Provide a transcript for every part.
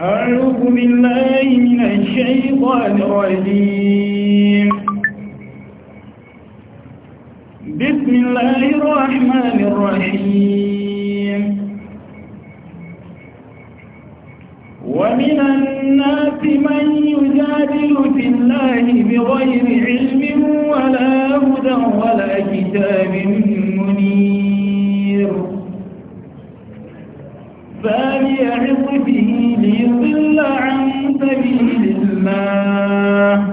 أعوذ بالله من الشيطان الرجيم بسم الله الرحمن الرحيم ومن الناس من يجادل في الله بغير علم ولا هدى ولا كتاب من فليعظ به ليضل عن سبيل الله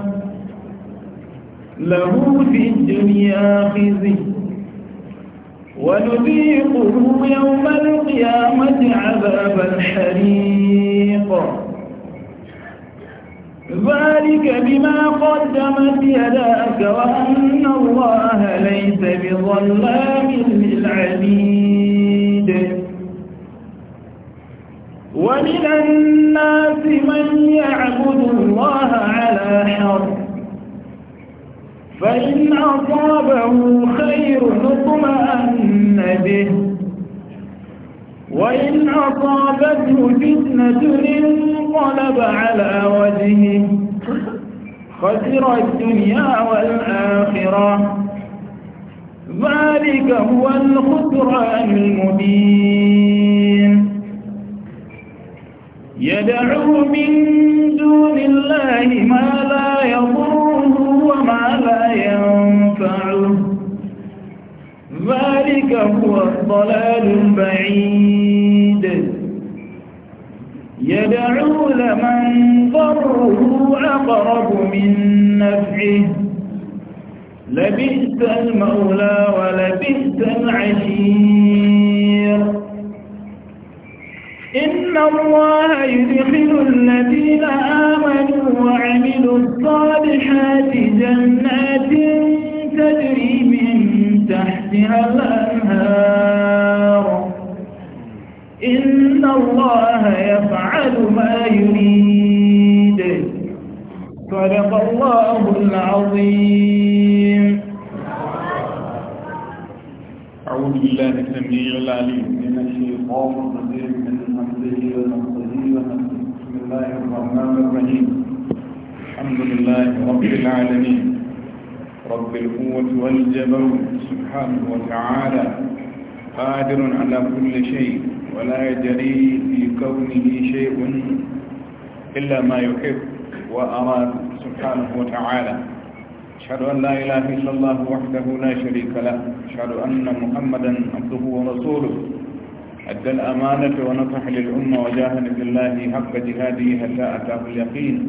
له في الدنيا خزي ونذيقه يوم القيامة عذاب الحريق ذلك بما قدمت يداك وأن الله ليس بظلام للعبيد ومن الناس من يعبد الله على حر فإن أصابه خير اطمأن به وإن أصابته فتنة انقلب على وجهه خسر الدنيا والآخرة ذلك هو الخسران المبين يدعو من دون الله ما لا يضره وما لا ينفعه ذلك هو الضلال البعيد يدعو لمن ضره أقرب من نفعه لبئس المولى ولبئس العشير إن الله يدخل الذين آمنوا وعملوا الصالحات جنات تجري من تحتها الأنهار إن الله يفعل ما يريد صدق الله العظيم أعوذ بالله السميع العليم من الشيطان بحمده ونصره ونصره بسم الله الرحمن الرحيم الحمد لله رب العالمين رب القوة والجبروت سبحانه وتعالى قادر على كل شيء ولا يجري في كونه شيء إلا ما يحب وأراد سبحانه وتعالى أشهد أن لا إله إلا الله وحده لا شريك له أشهد أن محمدا عبده ورسوله أدى الأمانة ونصح للأمة وجاهد في الله حق جهاده حتى أتاه اليقين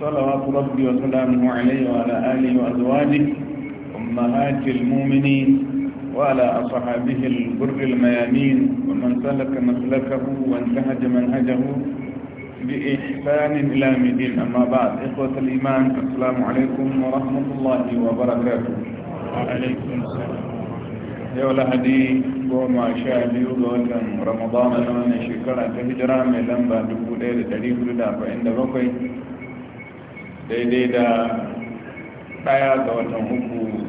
صلوات ربي وسلامه عليه وعلى آله وأزواجه أمهات المؤمنين وعلى أصحابه البر الميامين ومن سلك مسلكه وانتهج منهجه بإحسان إلى مدين أما بعد إخوة الإيمان السلام عليكم ورحمة الله وبركاته وعليكم السلام yau lahadi goma sha biyu ga watan ramadan na wannan shekara ta hijira mai lamba 1447 daidai da daya ga watan uku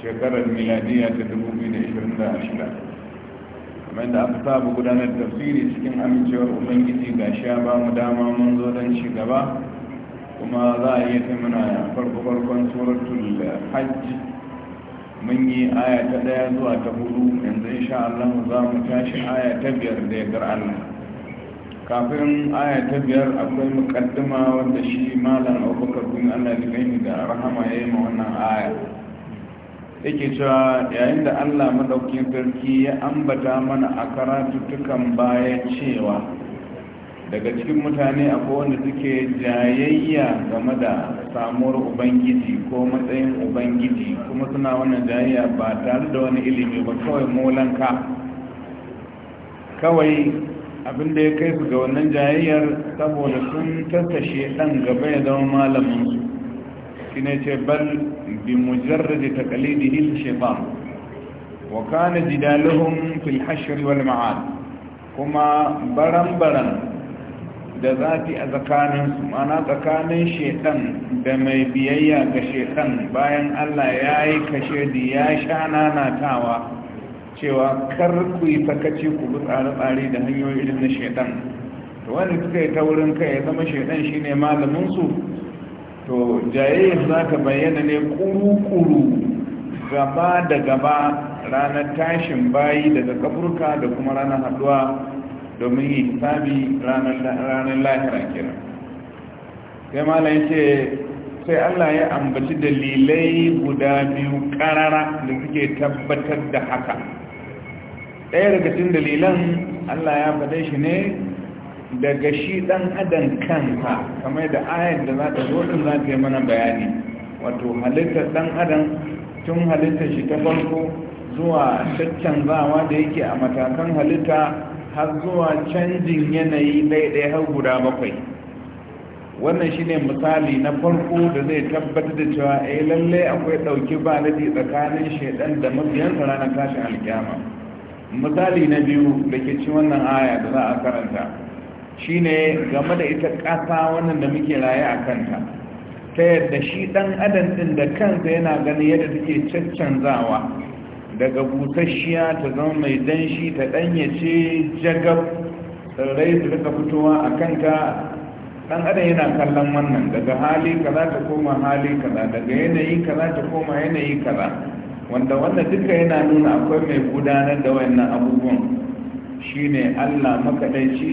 shekarar miladiya ta 2026 kamar da aka saba gudanar tafsiri cikin amincewar ubangiji ga sha ba mu dama mun zo don shigaba kuma za a iya taimana farko-farkon suratul hajji mun yi aya ta daya zuwa ta hudu yanzu insha Allah za mu tashi aya ta biyar da yadda Allah kafin aya ta biyar akwai mukaddima wanda shi malam abubakar bin Allah ya gani da rahama ya yi ma wannan aya yake cewa yayin da Allah madaukin sarki ya ambata mana a tukan baya cewa daga cikin mutane akwai wanda suke jayayya game da samuwar ubangiji ko matsayin ubangiji kuma suna wannan jayayya ba tare da wani ilimi ba kawai molanka kawai abin da ya kai su ga wannan jayayyar saboda sun tattashe dan gaba ya zama su shi ne ce bal bi mujarradi taqlidihil shefa wa kana jidaluhum fil hashr wal ma'ad kuma baran-baran da zafi a tsakaninsu mana tsakanin shekan da mai biyayya ga shekan bayan allah ya yi kashe da ya sha nanatawa cewa kar ku yi sakaci ku bi tsare-tsare da hanyoyin irin na shekan to wani suka yi wurin kai ya zama shekan shine malaminsu to jayayyar za ka bayyana ne kuru-kuru gaba da gaba ranar tashin bayi daga kaburka da kuma ranar haduwa domin yi hisabi ranar lahira kira sai mala ce sai allah ya ambaci dalilai guda biyu karara da suke tabbatar da haka ɗaya daga cikin dalilan allah ya faɗe shi ne daga shi ɗan adam kanka kamar da ayar da za ta zo ɗin za ta yi mana bayani wato halittar ɗan adam tun halittar shi ta farko zuwa zawa da yake a matakan halitta har zuwa canjin yanayi ɗaiɗaya har guda bakwai wannan shine misali na farko da zai tabbatar da cewa eh lallai akwai ɗauki ba tsakanin shaidan da mabiyansa ranar tashin alkiyama misali na biyu da ke ci wannan aya da za a karanta shine game da ita ƙasa wannan da muke raye a kanta ta yadda shi ɗan adam ɗin da kansa yana ganin yadda take caccanzawa daga busasshiya ta zama mai danshi ta ɗanyace jagab tsirrai su daga fitowa a kanka dan adam yana kallon wannan daga hali kaza ta koma hali kaza daga yanayi kaza ta koma yanayi kaza wanda wanda duka yana nuna akwai mai gudanar da wannan abubuwan shine Allah makadaici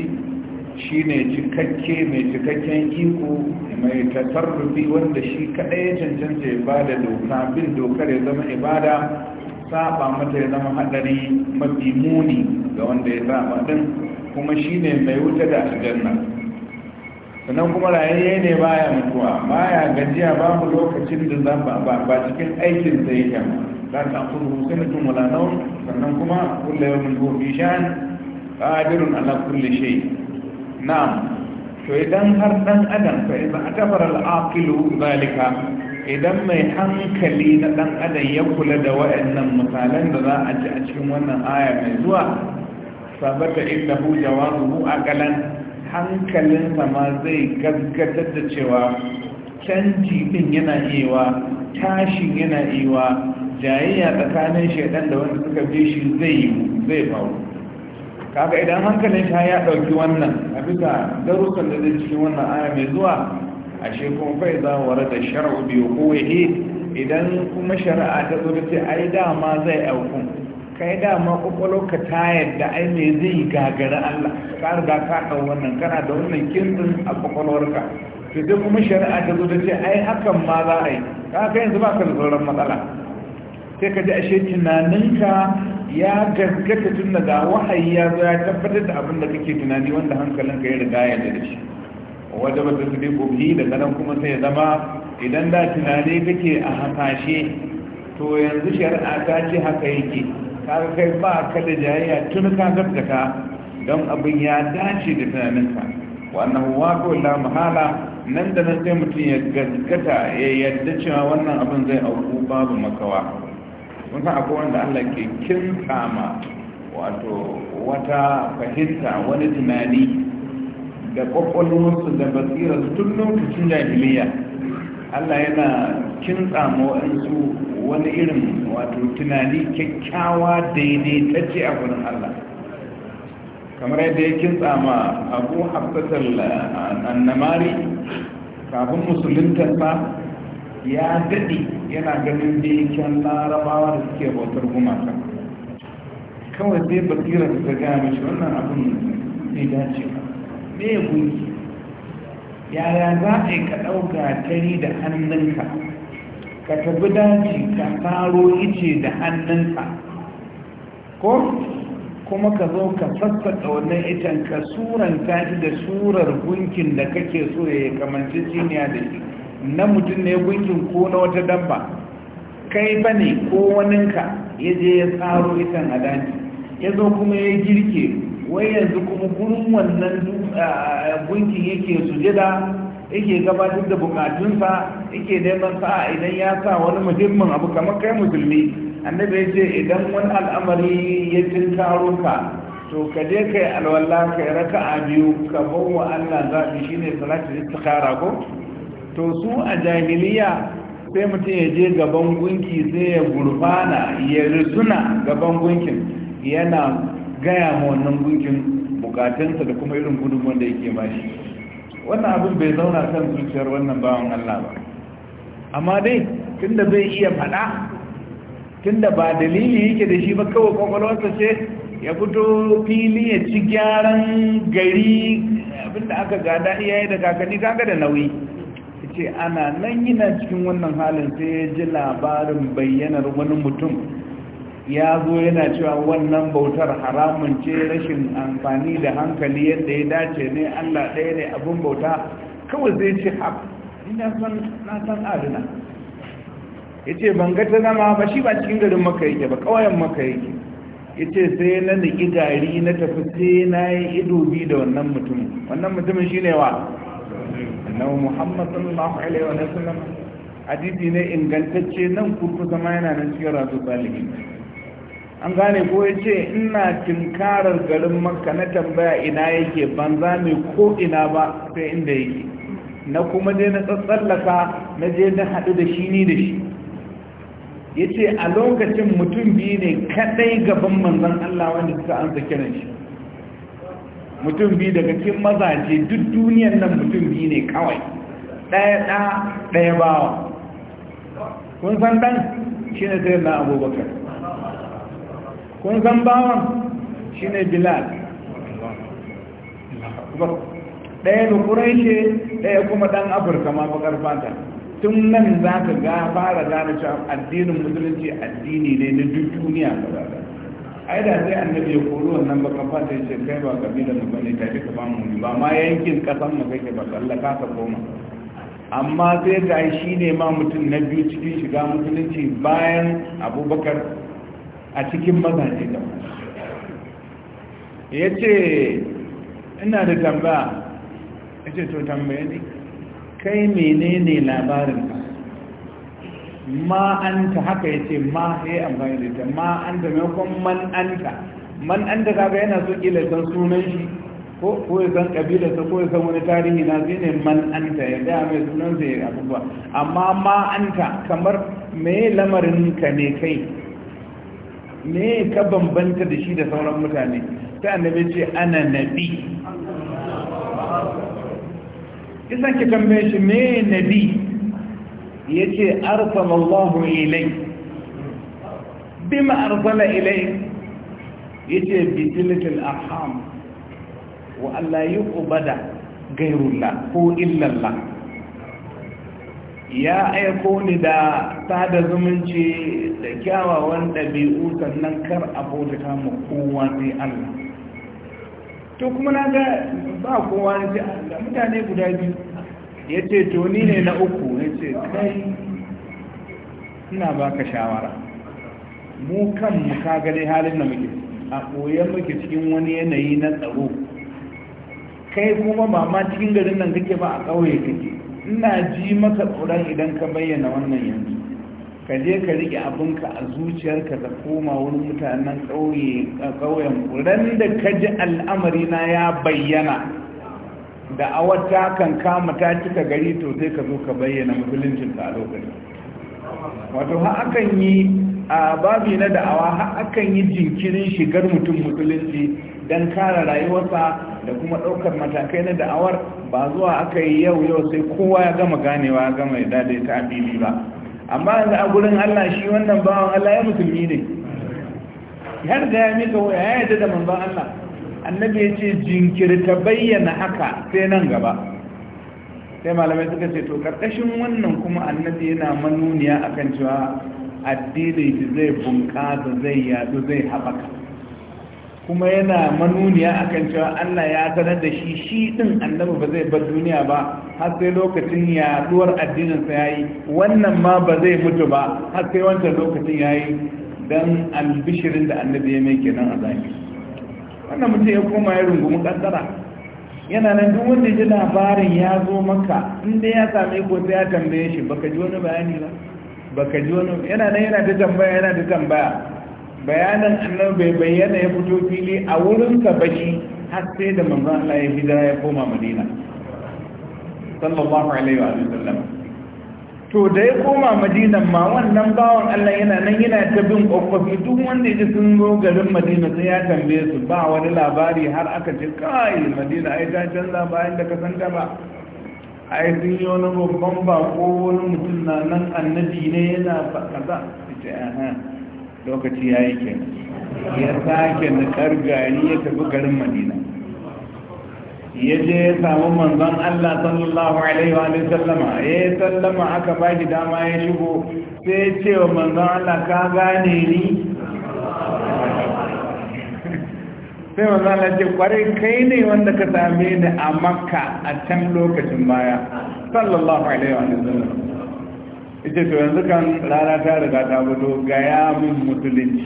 shine cikakke mai cikakken iko mai tasarrufi wanda shi kaɗai ya cancanta ya bada doka bin dokar ya zama ibada saba mata ya zama hadari mafi muni ga wanda ya saba din kuma shi ne mai wuta da aljanna sannan kuma rayayye ne baya mutuwa baya gajiya babu lokacin da za ba ba cikin aikin sa yake ba la ta'khudhuhu sanatun wala nawm sannan kuma kullu yawmin huwa fi sha'n qadirun ala kulli shay na'am to idan har dan adam fa idan akbara al-aqilu zalika idan mai hankali na ɗan adam ya kula da wa'annan misalan da za a ji a cikin wannan aya mai zuwa sabata inda hu jawazuhu akalan hankalin ma zai gaggatar da cewa canji din yana iyawa tashin yana iyawa jayayya tsakanin shaidan da wanda suka bi shi zai zai faru kaga idan hankalin shi ya dauki wannan a bisa darussan da zai cikin wannan aya mai zuwa ashe kuma fai za wa rada shar'u bi quwwihi idan kuma shari'a ta zo ta ai dama zai auku kai dama kokolo ka ta yadda ai me zai gagara Allah ka riga ka dau wannan kana da wannan kintin a kokolwarka to dai kuma shari'a ta zo ta ce ai hakan ma za a yi ka kai yanzu ka da sauran matsala sai ka ji ashe tunaninka ya gaskata tun daga wahayi ya zo ya tabbatar da abin da kake tunani wanda hankalinka ya riga ya da shi waje ba su bi gobi daga nan kuma sai zama idan da tunani kake a hasashe to yanzu shari'a ta ce haka yake kaga kai ba ka da jayayya tun ka gaskata don abin ya dace da tunaninka wannan wato la mahala nan da nan sai mutum ya gaskata ya yarda cewa wannan abin zai auku babu makawa mun san akwai wanda Allah ke kin kama wato wata fahimta wani tunani da kwakwalwarsu da basirar tun lokacin jahiliya allah yana kintsama waɗansu wani irin wato tunani kyakkyawa daidaitacce a wurin allah kamar yadda ya kintsa ma abu hafsatar annamari kafin ba ya daɗi, yana ganin bikin larabawa da suke bautar gumaka kawai zai basirar ta gami shi wannan abin ne dace ba me gunki yaya za a yi ka ɗauka tari da hannunka ka tafi daji ka tsaro ice da hannunka ko kuma ka zo ka sassaƙa wannan itan ka suranta shi da surar gunkin da kake so ya yi kamar jiniya da shi na mutum ne gunkin ko na wata dabba kai ba ne ko waninka ya je ya tsaro itan a daji ya zo kuma ya girke wai yanzu kuma gurin wannan gunkin yake sujada yake gabatar da bukatunsa yake neman sa'a idan ya sa wani muhimmin abu kamar kai musulmi annabi ya ce idan wani al'amari ya tinkaro ka to ka je ka yi alwala ka yi raka a biyu ka bau wa allah zaɓi ne salatu istikhara ko to su a jahiliya sai mutum ya je gaban gunki sai ya gurfana ya risuna gaban gunkin yana gaya ma wannan gunkin bukatunsa da kuma irin gudun wanda yake bashi wannan abin bai zauna kan zuciyar wannan bawan Allah ba amma dai tunda bai iya faɗa tunda ba dalili yake da shi ba kawai kwakwalwarsa ce ya fito fili ya ci gyaran gari abinda aka gada iyaye da kakanni kaga da nauyi ce ana nan yana cikin wannan halin sai ya ji labarin bayyanar wani mutum ya zo yana cewa wannan bautar haramun ce rashin amfani da hankali yadda ya dace ne allah ɗaya ne abin bauta kawai zai ce haf ina na san adina ya ce ban gata ma ba shi ba cikin garin maka yake ba ƙawayen maka yake ya ce sai na niki gari na tafi sai na yi ido bi da wannan mutumin wannan mutumin shi ne wa na muhammad sallallahu alaihi wa sallam hadisi ne ingantacce nan kurkusa ma yana nan cikin rasu salihin an gane ko ya ce ina tinkarar garin makka na tambaya ina yake banza mai ko ina ba sai inda yake na kuma je na tsatsallaka na je na haɗu da shi ni da shi ya ce a lokacin mutum biyu ne kaɗai gaban manzan Allah wanda suka an kiran shi mutum biyu daga cikin mazaje duk duniyar nan mutum biyu ne kawai ɗaya ɗa ɗaya bawa kun san ɗan shine ne sai na abubakar kun san bawan shi ne bilal ɗaya da ce ɗaya kuma ɗan afirka ma bakar fata tun nan za ka ga fara gane cewa addinin musulunci addini ne na duk duniya ba ai da sai annabi ya koro wannan baka fata ya ce kai ba kabila mu bane ta ka ba mu ba ma yankin kasan mu kake ba sallaka ka koma amma sai ga shi ne ma mutum na biyu cikin shiga musulunci bayan abubakar a cikin mazaje da ya ce ina da tambaya ya ce to tambaya ne kai menene labarin ma an ta haka ya ce ma ya yi amfani da ita ma an da maimakon man an ta man an da kaga yana so ƙila san sunan shi ko ya san ƙabilarsa ko ya san wani tarihi na zai ne man an ta ya gaya mai sunan zai abubuwa amma ma an ta kamar me lamarin ka ne kai me ka bambanta da shi da sauran mutane sai annabi ce ana nabi isan ki tambaye shi me nabi yace arsalallahu ilai bima arsala ilai ce bi silatil arham wa alla yuqbada gairullah ko illallah ya aiko ni da sada zumunci da kyawawan ɗabi'u sannan kar abota kama kowa sai Allah to kuma na ga ba kowa ne allah mutane guda biyu ya ce to ni ne na uku ya ce kai ina ka shawara mu kan mu ka gani halin da muke a koyan muke cikin wani yanayi na tsaro kai kuma ba ma cikin garin nan kake ba a ƙauye kake ina ji maka tsoron idan ka bayyana wannan yanzu ka je ka rike ka a zuciyarka da koma wani mutanen ƙauyen ran da ka ji al'amari na ya bayyana da a wata kan kama ta cika gari to sai ka zo ka bayyana musuluncin a lokaci wato ha akan yi a babi na da'awa ha akan yi jinkirin shigar mutum musulunci don kare rayuwarsa da kuma ɗaukar matakai na da'awar ba zuwa aka yi yau yau sai kowa ya gama ganewa ya gama ya daidaita ta fili ba amma yanzu a gurin allah shi wannan bawan allah ya musulmi ne har da ya mika waya ya yadda da manzon allah annabi ya ce ta bayyana haka sai nan gaba sai malamai suka ce to karkashin wannan kuma annabi yana manuniya akan cewa addini zai bunƙasa zai yadu zai haɓaka kuma yana manuniya akan cewa Allah ya sanar da shi shi din annabi ba zai bar duniya ba har sai lokacin yaduwar addinin sa yayi wannan ma ba zai mutu ba har sai wancan lokacin yayi dan albishirin da annabi ya mai kenan a zaki wannan mutum ya koma ya rungumi kankara yana nan duk wanda ji labarin ya zo maka inda ya same ko sai ya tambaye shi baka ji wani bayani ba baka ji wani yana nan yana da tambaya yana da tambaya bayanan annan bai bayyana ya fito fili a wurin ka baki har sai da manzo Allah ya hijira ya koma Madina sallallahu alaihi wa sallam to da ya koma Madina ma wannan bawan Allah yana nan yana ta bin kokofi duk wanda ya sun zo garin Madina sai ya tambaye su ba wani labari har aka ce kai Madina ai ta canza bayan da ka san ta ba ai yi sun yi wani babban bako wani mutum na nan annabi ne yana kaza ce aha lokaci ya yi kenan ya sake na gari ya tafi garin madina ya je ya samu manzon Allah sallallahu alaihi wa sallama ya yi sallama aka ba shi dama ya shigo sai ya ce wa manzon Allah ka gane ni sai manzon Allah ce kwarai kai ne wanda ka same ni a makka a can lokacin baya sallallahu alaihi wa sallama ita to yanzu kan rana ta riga ta fito ya min musulunci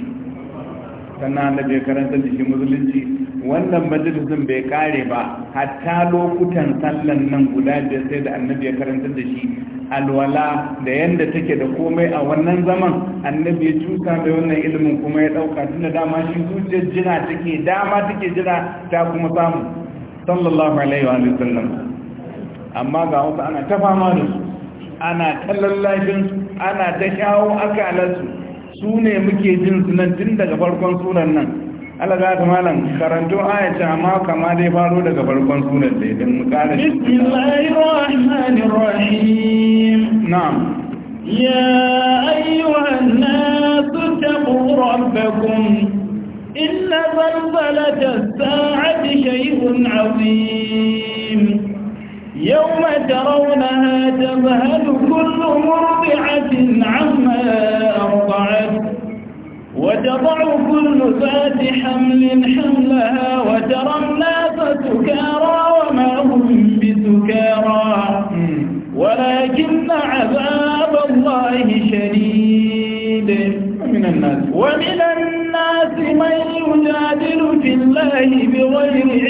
sannan da bai karanta jikin musulunci wannan majalisin bai kare ba hatta lokutan sallan nan guda biyar sai da annabi ya karanta da shi alwala da yadda take da komai a wannan zaman annabi ya cuta da wannan ilimin kuma ya dauka tun da dama shi zuciyar jira take dama take jira ta kuma samu sallallahu alaihi wa sallam amma ga wasu ana ta fama da su ana ta lallashin ana ta shawo akalansu su ne muke jin sunan tun daga farkon sunan nan za ta malam karanto ayata amma kama dai faro daga farkon sunan da idan mu kare bismillahir rahmanir rahim na'am ya ayyuhan nasu taqu rabbakum inna zalzalata as-sa'ati shay'un 'azim يوم ترونها تذهل كل مرضعة عما أرضعت وتضع كل ذات حمل حملها وترى الناس سكارى وما هم بسكارى ولكن عذاب الله شديد ومن الناس ومن الناس من يجادل في الله بغير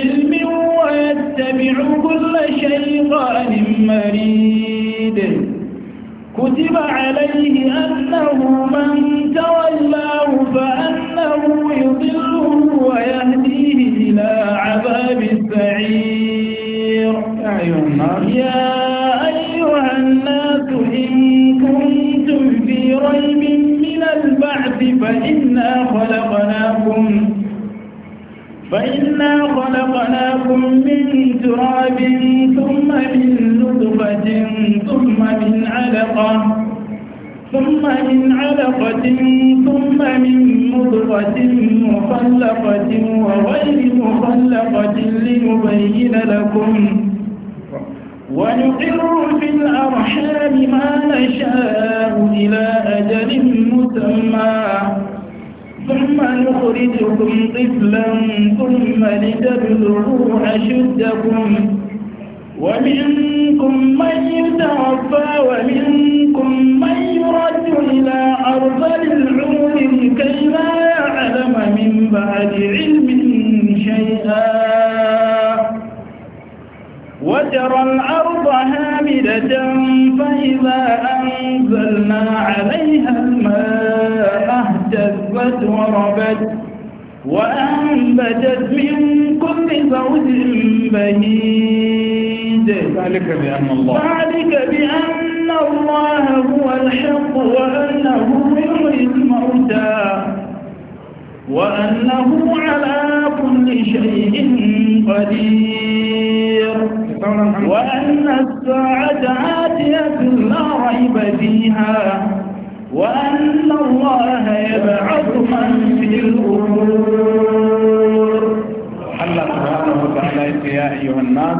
شيطان مريد كتب عليه أنه من تولاه فأنه يضله ويهديه إلى عذاب السعير يا أيها الناس إن كنتم في ريب من البعث فإنا خلقناكم فإنا خلقناكم من تراب ثم من نطفة ثم من علقة ثم من علقة ثم من مضغة مخلقة وغير مخلقة لنبين لكم ونقر في الأرحام ما نشاء إلى أجل مسمى ثم نخرجكم طفلا ثم لتبلغوا أشدكم ومنكم من يتوفى ومنكم من يرد إلى أرض العمر كي لا يعلم من بعد علم شيئا وترى الأرض هامدة فإذا أنزلنا عليها الماء خبت وربت وأنبتت من كل زوج بهيج ذلك بأن الله ذلك بأن الله هو الحق وأنه يحيي الموتى وأنه على كل شيء قدير وأن الساعة آتية لا ريب فيها وأن الله يبعث من في القبور الله سبحانه وتعالى يا أيها الناس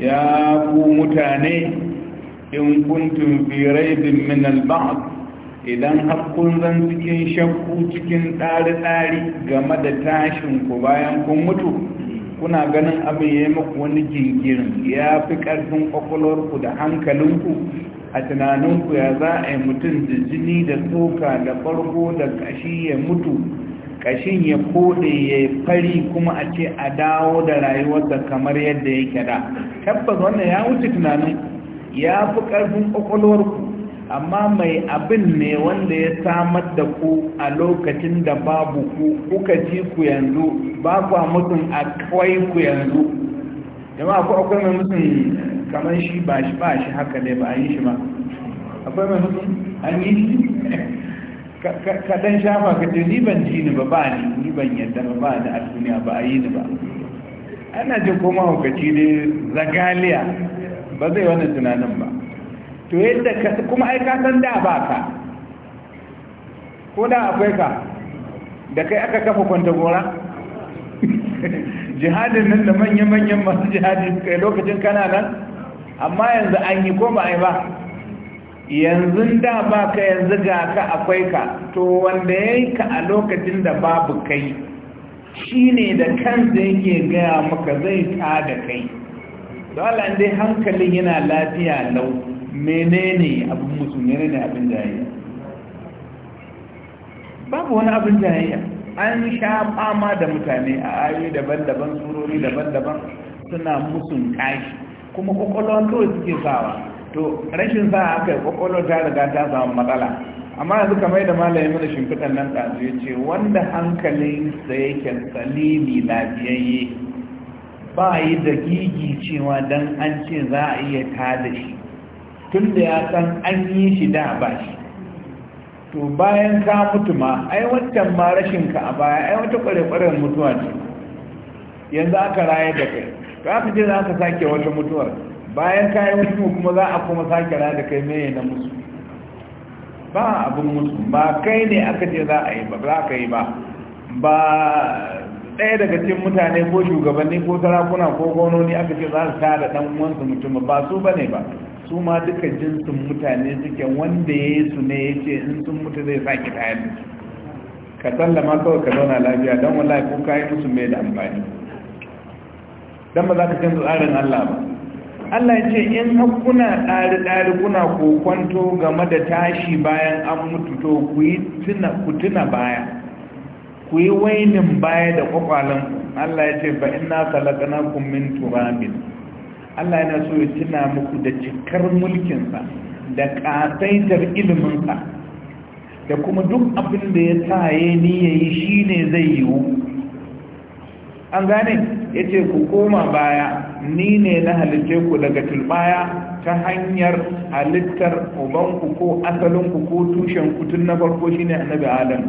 يا متاني إن كنتم في ريب من البعض idan haƙƙun zan cikin shakku cikin tsari-tsari game da tashinku bayan kun mutu kuna ganin abin ya yi maku wani jingirin ya fi ƙarfin ƙwaƙwalwarku da hankalinku a tunaninku ya za a yi mutum da jini da tsoka da farko da kashi ya mutu kashin ya kode ya fari kuma a ce a dawo da rayuwarsa kamar yadda ya kira tabbas wannan ya wuce tunanin ya fi ƙarfin ƙwaƙwalwarku amma mai abin ne wanda ya samar da ku a lokacin da babu ku kuka ji ku yanzu ba ku a mutum a akwai ku yanzu jama'a ku akwai kamar shi ba shi ba shi haka ne ba a yi shi ma akwai mai hudu an yi shi kaɗan shafa ka ce ni ban ji ni ba ba ni ni ban yadda ba ba da a ba a yi ni ba ana jin koma hukaci ne zagaliya ba zai wani tunanin ba to yadda kuma ai ka san da ba ka ko da akwai ka da kai aka kafa kwanta gora jihadin nan da manya-manyan masu jihadi kai lokacin kana nan amma yanzu an yi ko ba a yi ba yanzu da ba ka yanzu ga ka akwai ka to wanda ya ka a lokacin da babu kai shi ne da kansa yake gaya maka zai ta da kai dole dai hankalin yana lafiya lau menene abin musu da abin jayayya babu wani abin jayayya an sha fama da mutane a ayi daban-daban surori daban-daban suna musun kashi kuma kwakwalwa kawai suke sawa to rashin sa aka yi kwakwalwa ta riga ta samu matsala amma yanzu kamar da malamin mana shimfiɗan nan ɗazu ya ce wanda hankalin sa yake salimi lafiyayye ba yi da gigi cewa don an ce za a iya tada shi tun da ya san an yi shi da ba shi to bayan ka mutu ma ai wancan ma rashin a baya ai wata kware-kwaren mutuwa ce yanzu aka raye da kai to aka je za ka sake wata mutuwar bayan ka yi kuma za a kuma sake rada kai meye na musu ba abin musu ba kai ne aka ce za a yi ba za ka yi ba ba ɗaya daga cikin mutane ko shugabanni ko sarakuna ko gononi aka ce za su da ɗan uwansu mutum ba su ba ne ba su ma duka jinsin mutane suke wanda ya yi su ne ya ce in sun mutu zai sake tayar da su ka sallama kawai ka zauna lafiya don wallahi ko kayi musu mai da amfani don ba za ka canza tsarin Allah ba Allah ya ce in kuna ɗari-ɗari kuna kwanto game da tashi bayan an mutu to ku yi ku tuna baya ku yi wainin baya da kwakwalen Allah ya ce ba ina salakana kun min turabin Allah yana so ya tuna muku da cikar mulkinsa da ƙasaitar iliminsa da kuma duk abin da ya sa ya ni yayi shi ne zai yiwu an gane ya ce ku koma baya ni ne na halice ku daga tulbaya ta hanyar halittar ubanku ko asalinku ko tushen kutun na farko shine annabi adam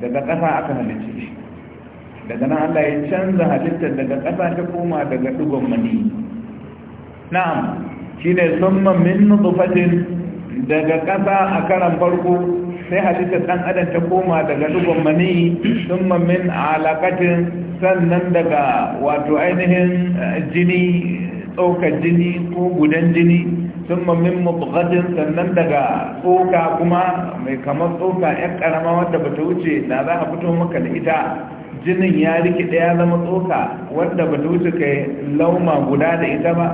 daga ƙasa aka halice shi daga nan Allah ya canza halittar daga ƙasa ta koma daga dugon mani na'am shine summa min nutfatin daga ƙasa a karan farko sai halittar ɗan adam ta koma daga dugon mani sun min alaƙatin sannan daga wato ainihin eh, jini tsokar jini ko gudan jini sun min mutsukatin sannan daga tsoka kuma mai kamar tsoka yan karama wadda bata wuce da za a fito maka da ita jinin ya rike daya zama tsoka wanda bata wuce kai lauma guda da ita ba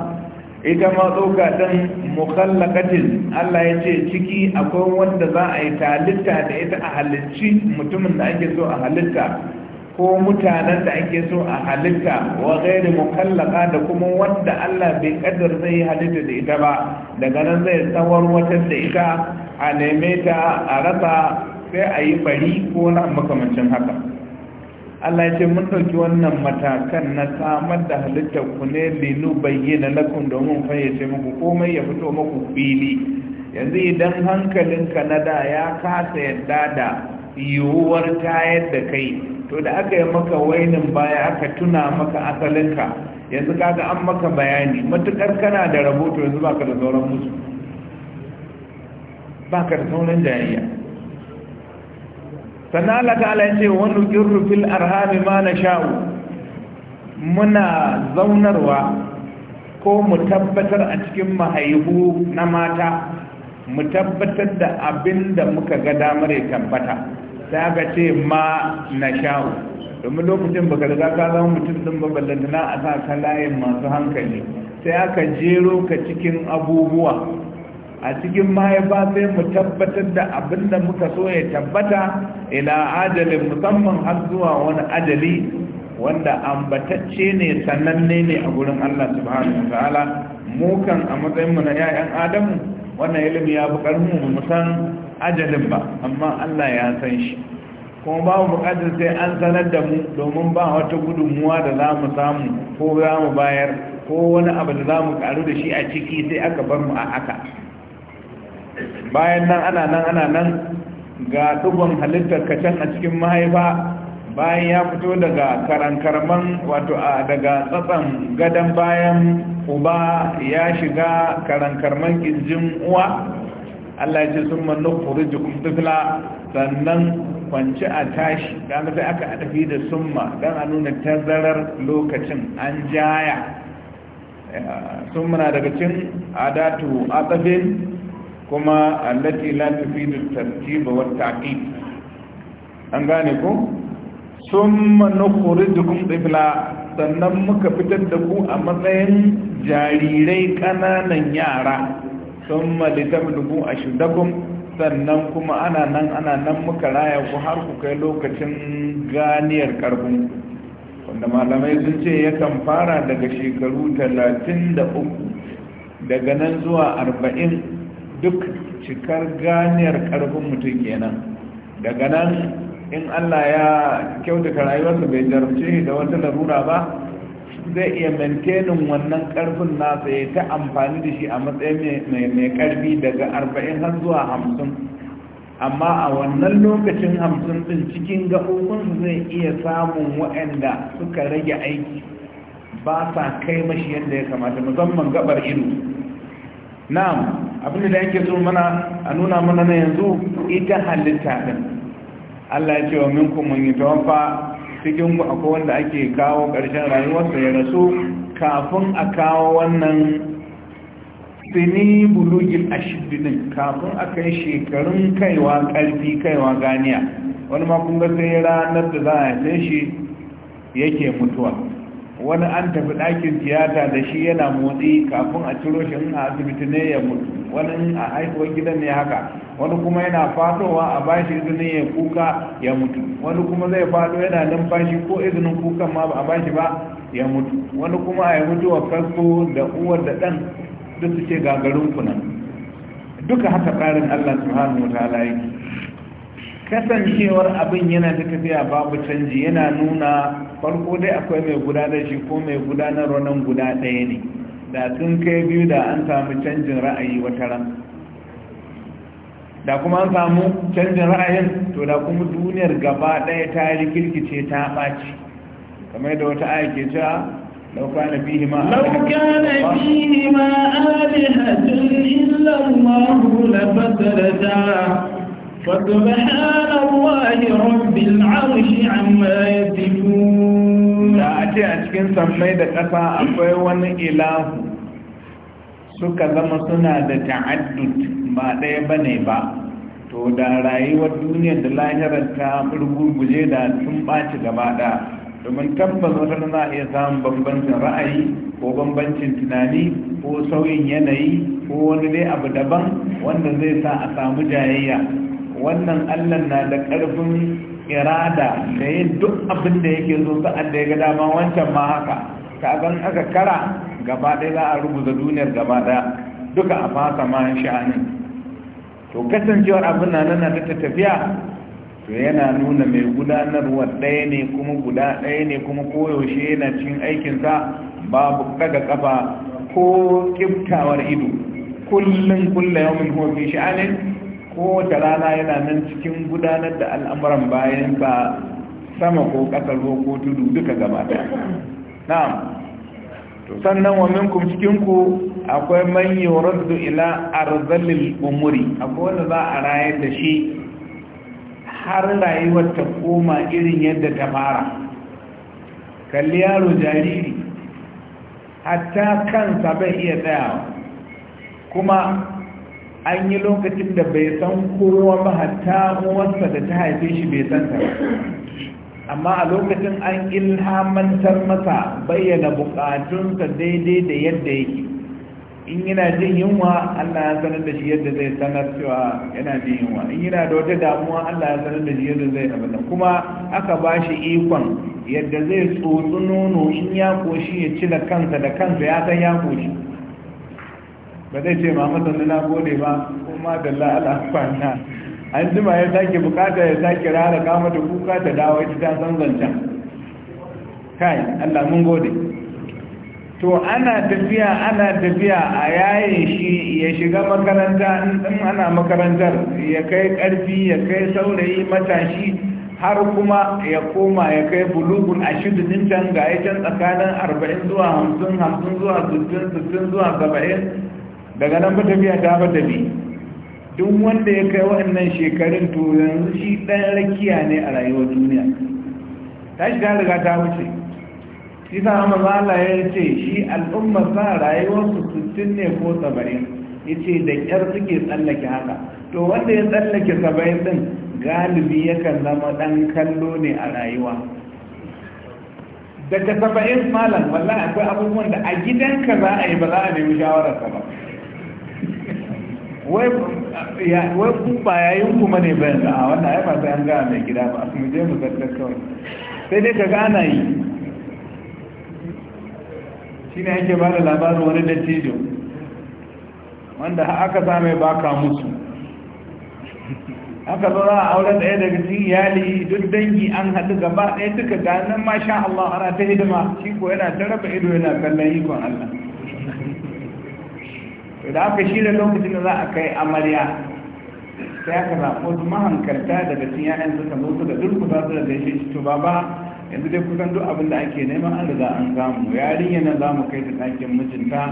ita ma tsoka ɗin mukallakatin Allah ya ce ciki akwai wanda za a yi talitta da ita a halicci mutumin da ake so a halitta ko mutanen da ake so a halitta wa gairi mukallaka da kuma wanda Allah bai kaddar zai yi halitta da ita ba daga nan zai tsawar watan da ita a neme ta a rasa sai a yi bari ko na makamancin haka Allah ya ce mun ɗauki wannan matakan na samar da halittar ku ne linu bayyana lakun domin fayyace muku komai ya fito muku fili yanzu idan hankalinka na da ya kasa yadda da yiwuwar tayar da kai to da aka yi maka wainin baya aka tuna maka asalinka yanzu kaga an maka bayani matukar kana da rahoto yanzu baka da sauran musu baka da sauran jayayya sannan Allah ta'ala ya ce wani girru fil arhami ma na sha'u muna zaunarwa ko mu tabbatar a cikin mahaihu na mata mu tabbatar da abinda muka ga damar ya tabbata sai ga ce ma na sha'u domin lokacin baka da ka zama mutum din baballantana a sa ka layin masu hankali sai aka jero ka cikin abubuwa a cikin mahaifa sai mu tabbatar da abin da muka so ya tabbata ila ajalin musamman har zuwa wani ajali wanda ambatacce ne sananne ne a gurin Allah subhanahu wa ta'ala mu a matsayin mu na 'ya'yan adamu wannan ilimi ya bukar mu mu san ajalin ba amma Allah ya san shi kuma babu bukatar sai an sanar da mu domin ba wata gudunmuwa da za mu samu ko za mu bayar ko wani abu da za mu karu da shi a ciki sai aka bar mu a haka bayan nan ana nan ana nan ga dubban halittar kacan a cikin mahaifa bayan ya fito daga karankarman wato a daga tsatsan gadon bayan uba ya shiga karankarman kirjin uwa Allah ce sun mannu kuri jikin tufla sannan kwanci a tashi da sai aka hadafi da summa don a nuna tazarar lokacin an jaya sun muna daga cin adatu a tsafin kuma allati la tufidu tartib wa ta'qib an gane ko summa nukhrijukum tifla sannan muka fitar da ku a matsayin jarirai kananan yara summa litamdu ashdakum sannan kuma ana nan ana nan muka raya ku har ku kai lokacin ganiyar karfin wanda malamai sun ce yakan fara daga shekaru talatin da uku daga nan zuwa arba'in duk cikar ganiyar karfin mutum kenan daga nan in allah ya kyautata rayuwarsa bai jarumce da wata larura ba zai iya mentenin wannan karfin nasa ya ta amfani da shi a matsayin mai karfi daga arba'in har zuwa hamsin, amma a wannan lokacin hamsin din cikin gaɓoɓin zai iya samun waɗanda suka rage aiki ba sa kai mashi yadda ya kamata musamman gaɓar ido na'am abinda da yake so mana a nuna mana na yanzu ita halitta din Allah ya ce wa minkum mun yi tawaffa cikin ku akwai wanda ake kawo ƙarshen sa ya rasu kafin a kawo wannan sini bulugil ashiddin kafin a kai shekarun kaiwa ƙarfi kaiwa ganiya wani ma kun ga sai ranar da za a yi shi yake mutuwa wani an tafi ɗakin tiyata da shi yana motsi kafin a ciro shi a asibiti ne ya mutu wani a haihuwar gidan ne haka wani kuma yana fatowa a bashi izinin ya kuka ya mutu wani kuma zai fado yana numfashi ko izinin kukan ma ba a bashi ba ya mutu wani kuma a yi mutuwa kasko da uwar da ɗan duk su ce gagarin kuna duka haka tsarin allah subhanahu wa ta'ala yake kasancewar abin yana ta tafiya babu canji yana nuna farko dai akwai mai gudanar shi ko mai gudanar nan guda ɗaya ne da sun kai biyu da an samu canjin ra'ayi wata ran da kuma an samu canjin ra'ayin to da kuma duniyar gaba ɗaya ta yi kirkice ta ɓaci kamar da wata aya ke cewa لو كان فيهما لو كان فيهما آلهة إلا الله لفسدتا فسبحان الله رب العرش عما يصفون cikin sammai da ƙasa akwai wani ilahu suka zama suna da ta'addud ba ɗaya ba ne ba to da rayuwar duniyar da lahirar ta gurguje da sun ɓaci gaba ɗaya domin tabbas wata za a iya samun bambancin ra'ayi ko bambancin tunani ko sauyin yanayi ko wani dai abu daban wanda zai sa a samu jayayya wannan allah na da ƙarfin irada da yin duk abin da yake zo sa'ad da ya ga dama wancan ma haka zan aka kara gaba ɗaya za a rubuta duniyar gaba ɗaya duka a fasa ma ni to kasancewar abin na nan da ta tafiya to yana nuna mai gudanarwa ɗaya ne kuma guda ɗaya ne kuma koyaushe yana cikin aikinsa babu ɗaga kafa ko kiftawar ido kullum kullum yau min hofi sha'anin kowace rana yana nan cikin gudanar da al'amuran bayan ba sama ko ƙasar ko tudu duka gaba na'am to sannan wa minkum cikin ku akwai man yuraddu ila arzalil umuri akwai wanda za a rayar da shi har rayuwar ta koma irin yadda ta fara kalli yaro jariri hatta kansa bai iya tsayawa kuma an yi lokacin da bai san kowa ba hatta uwarsa da ta haife shi bai san ta amma a lokacin an ilhamantar masa bayyana bukatunsa daidai da yadda yake in yana jin yunwa allah ya sanar da shi yadda zai sanar cewa yana jin yunwa in yana da wata damuwa allah ya sanar da shi yadda zai abinda kuma aka ba shi ikon yadda zai tsotsi nono in ya koshi ya cila kansa da kansa ya san ya koshi ba zai ce ma masa na gode ba kuma da la'ala kwana an ma ya sake bukata ya sake rara kama da kuka ta dawo ita ta san kai allah mun gode to ana tafiya ana tafiya a yayin shi ya shiga makaranta in ana makarantar ya kai karfi ya kai saurayi matashi har kuma ya koma ya kai bulugun a shidin can ga can tsakanin arba'in zuwa hamsin hamsin zuwa sittin sittin zuwa saba'in daga nan ba tafiya ta ba tafi duk wanda ya kai waɗannan shekarun to yanzu shi ɗan rakiya ne a rayuwar duniya ta shi ta riga ta wuce shi sa maza Allah ya ce shi al'ummar sa rayuwarsu sittin ne ko saba'in ya ce da ƙyar suke tsallake haka to wanda ya tsallake saba'in ɗin galibi yakan zama ɗan kallo ne a rayuwa daga saba'in malam wallahi akwai abubuwan da a gidanka za a yi ba za a nemi shawararsa ba wai kuma ba yi kuma ne bayan a wannan ya fata yan gaya mai gida ba mu je mu zartar kawai sai dai ka gana yi shi ne ake ba da labarin wani dattijo wanda aka same baka musu aka zaura a auren daya daga cikin yali duk dangi an haɗu gaba ɗaya duka ganin masha Allah ana ta hidima shi ko yana ta raba ido yana kallon ikon Allah to da aka shirya lokacin da za a kai amarya sai aka zaɓi wasu mahankarta daga cikin yayan suka zo su da durku za su da shi to baba yanzu dai kusan duk abin ake neman an riga an samu yarinya na za mu kai ta ɗakin mijinta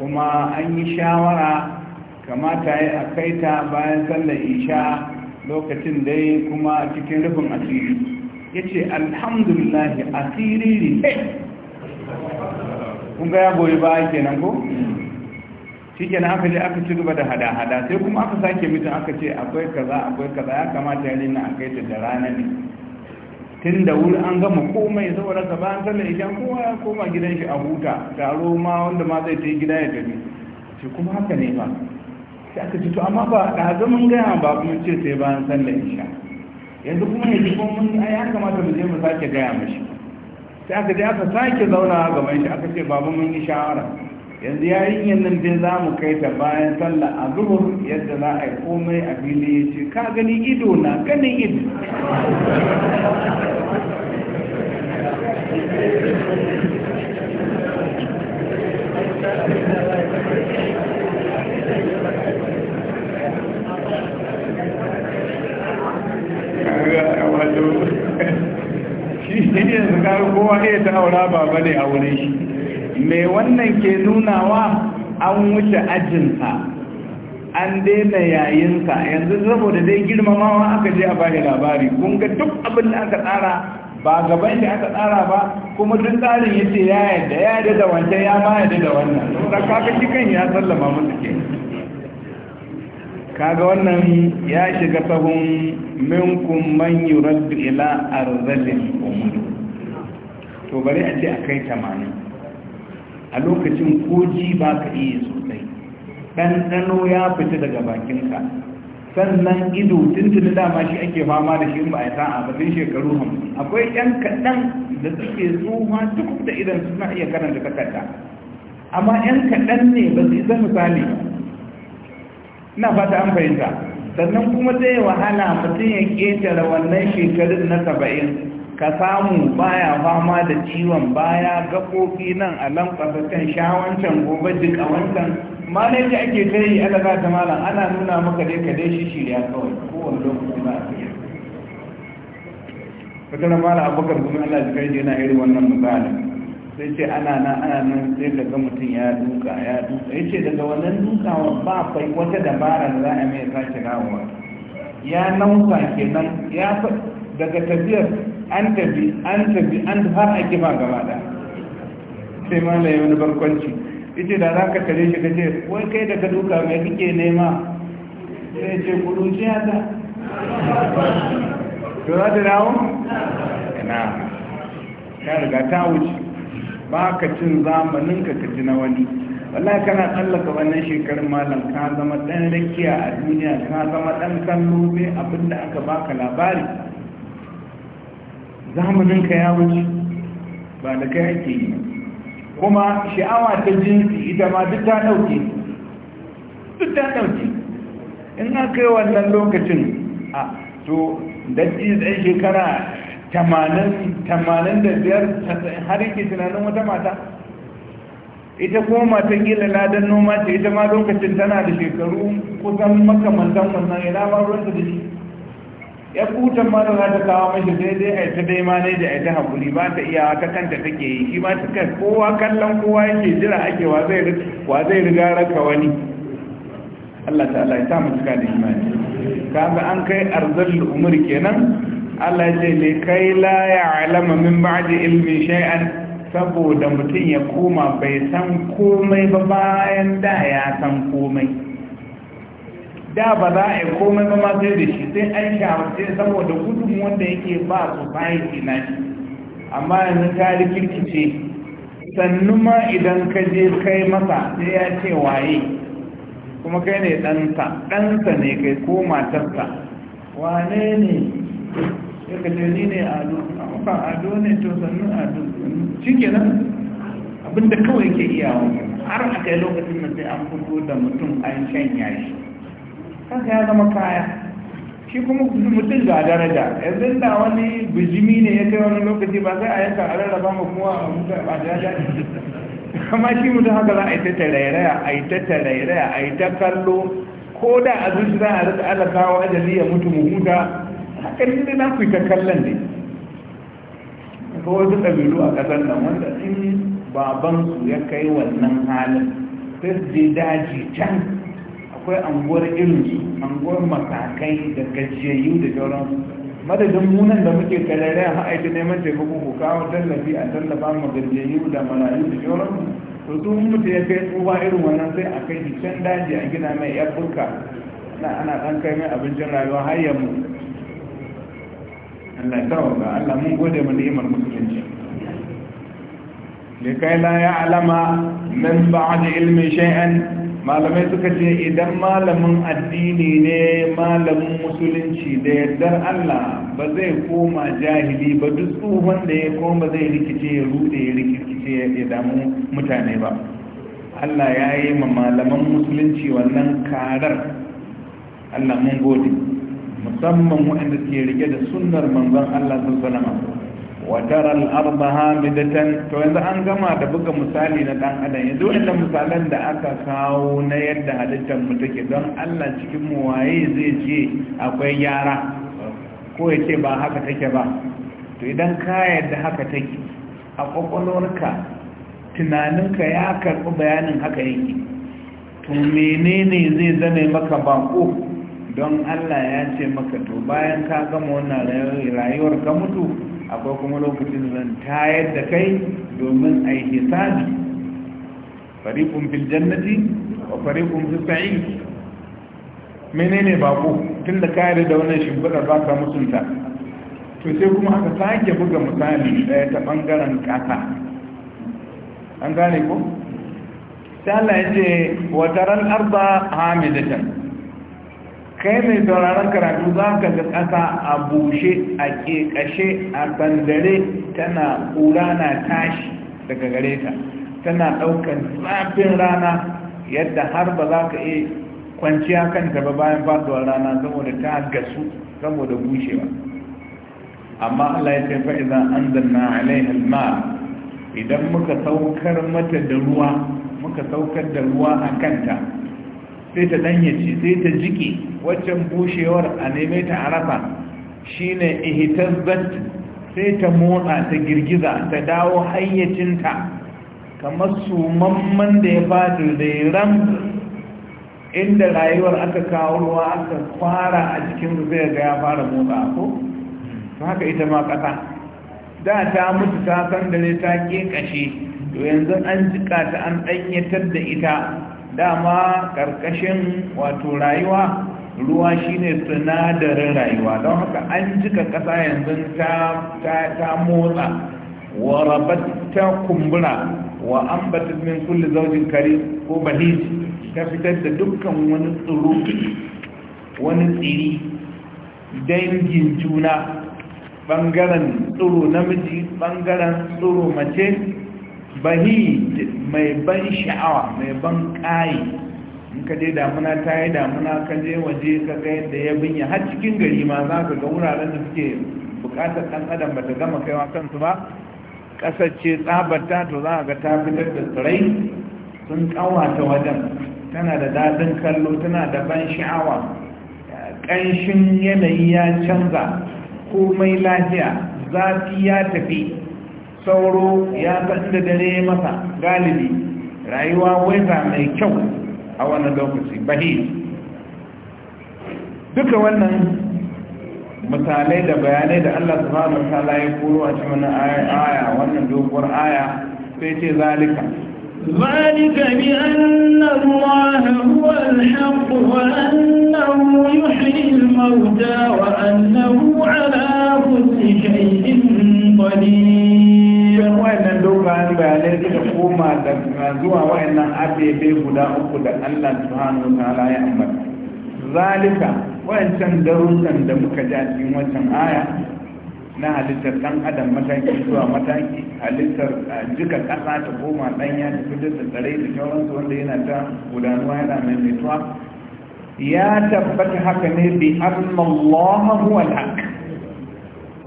kuma an yi shawara kamata ya a kai ta bayan sallar isha lokacin dai kuma cikin rufin asiri ya ce alhamdulillah asiri ne kun ga ya goyi ba kenan ko shi na aka je aka ci gaba da hada-hada sai kuma aka sake mutum aka ce akwai kaza akwai kaza ya kamata ya nuna an kai ta da rana ne tun da wuri an gama komai saboda ka bayan sallar idan kowa ya koma gidan shi a huta taro ma wanda ma zai ta yi gida ya tafi shi kuma haka ne ba sai aka ci to amma ba da mun gaya ba kuma ce sai bayan sallar isha yanzu kuma ya ji kuma mun ya kamata mu je mu sake gaya mashi sai aka je aka sake zauna gaban shi aka ce babu mun yi shawara yanzu yin nan dai za mu kai ta bayan sallah a zuhur yadda za a yi komai a fili ya ce ka gani ido na ganin ido shi ne yanzu kowa iya ta aura ba bane a wurin shi me wannan ke nunawa an wuce ajinsa an daina yayinsa yanzu saboda dai girmamawa aka je a bada labari kun ga duk abin da aka tsara ba gaban da aka tsara ba kuma duk tsarin yace ya yadda ya yadda da wancan ya ma yadda da wannan saboda kaga shi kan ya sallama musu ke kaga wannan ya shiga sahun minkum man yuraddu ila arzalil umur to bari a ce akai 80 a lokacin koji ba ka iya sosai ɗanɗano ya fita daga bakinka sannan ido tuntuni dama shi ake fama da shi ba a sa'a ba tun shekaru hamsin akwai yan kaɗan da suke tsohuwa duk da idan suna iya karanta takarda amma yan kaɗan ne ba su isa misali na ina fata an fahimta sannan kuma zai wahala mutum ya ƙetare wannan shekarun na saba'in ka samu baya fama da ciwon baya gaɓoɓi nan a lankwasa can shawancan gobe duk a wancan ma ne ake kai yi ana za ta malam ana nuna maka dai ka dai shi shirya kawai kowane lokaci ba a fiye wata na mala abokan kuma allah ji kai yana irin wannan misali sai ce ana nan ana nan sai ka ga mutum ya duka ya duka ya ce daga wannan dukawa ba fai wata dabara da za a mai sace rawa ya nausa kenan ya daga tafiyar an tafi an tafi an har a kifa gaba da sai mala ya wani barkwanci ita da za ka tare shi ka wai kai daga duka mai kike nema sai ce kudu ce ta. to za ta dawo? na ka riga ta wuce ba ka cin zamanin ka ka ji na wani wallahi kana tsallaka wannan shekarun malam ka zama dan rakiya a duniya ka zama dan kallo bai abinda aka baka labari zamaninka ya wuce ba da kai ake yi kuma sha'awa ta jinsi ita ma duk ta ɗauke duk ta ɗauke in aka yi wannan lokacin a to daji zai shekara tamanin da biyar har yake tunanin wata mata ita kuma mata gila ladan noma ce ita ma lokacin tana da shekaru kusan makamantan wannan ina ma ruwanta da shi ya kutan ma da za ta kawo mashi daidai dai a ta dai ma ne da a ta haƙuri ba ta iya ta kanta take yi shi ma ta kan kowa kallon kowa yake jira ake wa zai riga raka wani Allah ta'ala ya samu cika da imani kaga an kai arzal umar kenan Allah ya ce ne kai la ya alama min da ilmi shay'an saboda mutum ya koma bai san komai ba bayan da ya san komai da ba za a yi komai ba ma sai da shi sai an sai saboda gudun wanda yake ba su bayan na shi amma yanzu ta yi kirkice sannu ma idan ka je kai masa sai ya ce waye kuma kai ne ɗansa ɗansa ne kai ko matarsa wane ne ya ka ce ni ne ado a ado ne to sannu ado shi nan abinda kawai ke iyawa har a kai lokacin da sai an fito da mutum an shanya shi kanka ya zama kaya shi kuma mutum ga daraja yanzu da wani bijimi ne ya kai wani lokaci ba sai a yanka a rarraba ma kuma a mutu daraja kama shi mutum haka za a yi ta tarairaya a yi ta tarairaya a yi ta kallo ko da a zuci za a rika alakawa ajali ya mutu mu huta haka ne da na ku ta kallon ne ko wasu ƙabilu a kasar nan wanda in babansu ya kai wannan halin sai su je daji can akwai anguwar ilimi anguwar matakai da gajiyayyu da jauran madadin munan da muke kalare a aiki neman taimako ko kawo tallafi a tallafa ma gajiyayyu da malayu da jauran to tun mutu ya kai tsuba irin wannan sai a kai can daji a gina mai yar burka na ana ɗan kai mai abincin rayuwa har ya mu Allah ya ga Allah mun gode mu ni'imar musulunci لكي لا يعلم من بعد علم شيئا malamai suka ce idan malamin addini ne malamin musulunci da yardar Allah ba zai koma jahili ba duk tsohon da ya koma zai rikice ya rude ya rikice ya damu mutane ba Allah ya yi ma malaman musulunci wannan karar Allah mun gode musamman waɗanda suke rike da sunnar manzon Allah sun sanama watarar arba hamidatan to yanzu an gama da buga misali na dan adam yanzu wanda misalan da aka kawo na yadda halittar mu take don allah cikin mu waye zai ce akwai yara ko ba haka take ba to idan ka yadda haka take a kwakwalwarka tunaninka ya karɓi bayanin haka yake to menene zai zame maka bako don allah ya ce maka to bayan ka gama wannan rayuwar ka mutu akwai kuma lokacin zan tayar da kai domin a yi hisabi farikun fil jannati wa farikun fil menene bako tun da kayar da wannan shimfiɗar ba ka mutunta. to sai kuma aka sake buga misali ɗaya ta ɓangaren ƙasa an gane ko sai Allah ya ce hamidatan kai mai sauraron karatu za ka ga ƙasa a bushe a ƙeƙashe a bandare tana ƙura na tashi daga gare ta tana ɗaukan zafin rana yadda har ba za ka iya kwanciya kanta ba bayan faɗuwa rana saboda ta gasu saboda bushewa amma allah ya ce fa'iza an zanna alaihal ma idan muka saukar mata da ruwa muka saukar da ruwa a kanta sai ta danyace sai ta jiki waccan bushewar a neme ta a rasa shi ne sai ta motsa ta girgiza ta dawo hayyacinta kamar sumamman da ya fadu da ya ramu inda rayuwar aka kawo ruwa aka fara a cikin zai ga ya fara motsa ko to haka ita ma kasa da ta mutu ta san dare ta ke kashe to yanzu an jika ta an danyatar da ita dama karkashin wato rayuwa ruwa shine sinadarin rayuwa don haka an jika kasa yanzu ta motsa wa rabat ta kumbura wa ambatat min kulli zawjin kari ko bahij ta fitar da dukkan wani tsiro wani tsiri dangin juna bangaren tsiro namiji bangaren tsiro mace bahi mai ban sha'awa mai ban ƙayi in ka je damuna ta yi damuna ka je waje ka ga yadda ya binya har cikin gari ma za ka ga wuraren da suke bukatar ɗan adam ba ta gama kaiwa kansu ba ƙasar ce tsabarta to za ga ta fitar da tsirai sun ƙawata wajen tana da daɗin kallo tana da ban sha'awa ƙanshin yanayi ya canza komai lafiya zafi ya tafi sauro ya san da dare masa galibi rayuwa waiza mai kyau a wannan lokaci bahi duka wannan misalai da bayanai da Allah su ba wataala ya koro a cikin aya wannan doguwar aya sai ce zalika bi ذلك بأن الله هو الحق وأنه يحيي الموتى وأنه على كل شيء قدير biyan wayannan dogayen bayanai suka koma da zuwa wayannan abebe guda uku da Allah subhanahu wa ta'ala ya ambata zalika wayancan darussan da muka ji a cikin wancan aya na halittar dan adam mataki zuwa mataki halittar jika kasa ta koma danya ta fitar da tsare da sauransu wanda yana ta gudanuwa yana mai mutuwa ya tabbata haka ne bi anna Allah huwa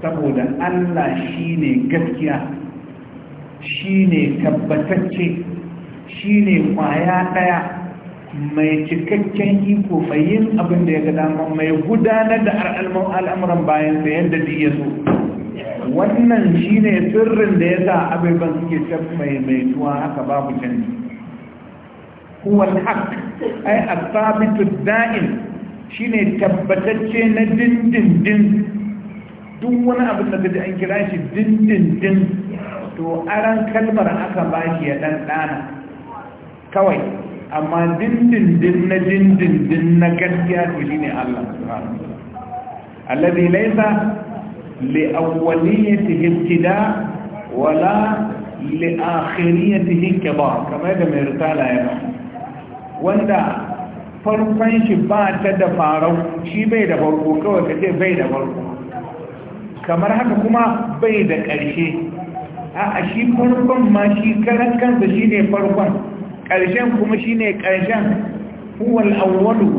saboda Allah shine gaskiya ne tabbatacce ne kwaya ɗaya mai cikakken iko mai yin abin da ya ga dama mai gudanar da al'amuran bayan da yadda da iya so wannan ne sirrin da ya sa abubuwan suke can mai mai tuwa haka babu canji huwal haq ai asabitu shi shine tabbatacce na dindindin duk wani abin da gaji an kira shi dindindin to aran kalmar aka ba shi ya ɗan ɗana kawai amma dindindin na dindindin na gaskiya to shi ne Allah alladhi laysa li awwaliyatihi ibtida wala li akhiriyatihi kibar kamar da mai risala ya ba wanda farkon shi ba ta da farau shi bai da farko kawai ka kace bai da farko kamar haka kuma bai da ƙarshe a shi farkon ma shi karan kansa shi ne farkon ƙarshen kuma shi ne ƙarshen huwal awwalu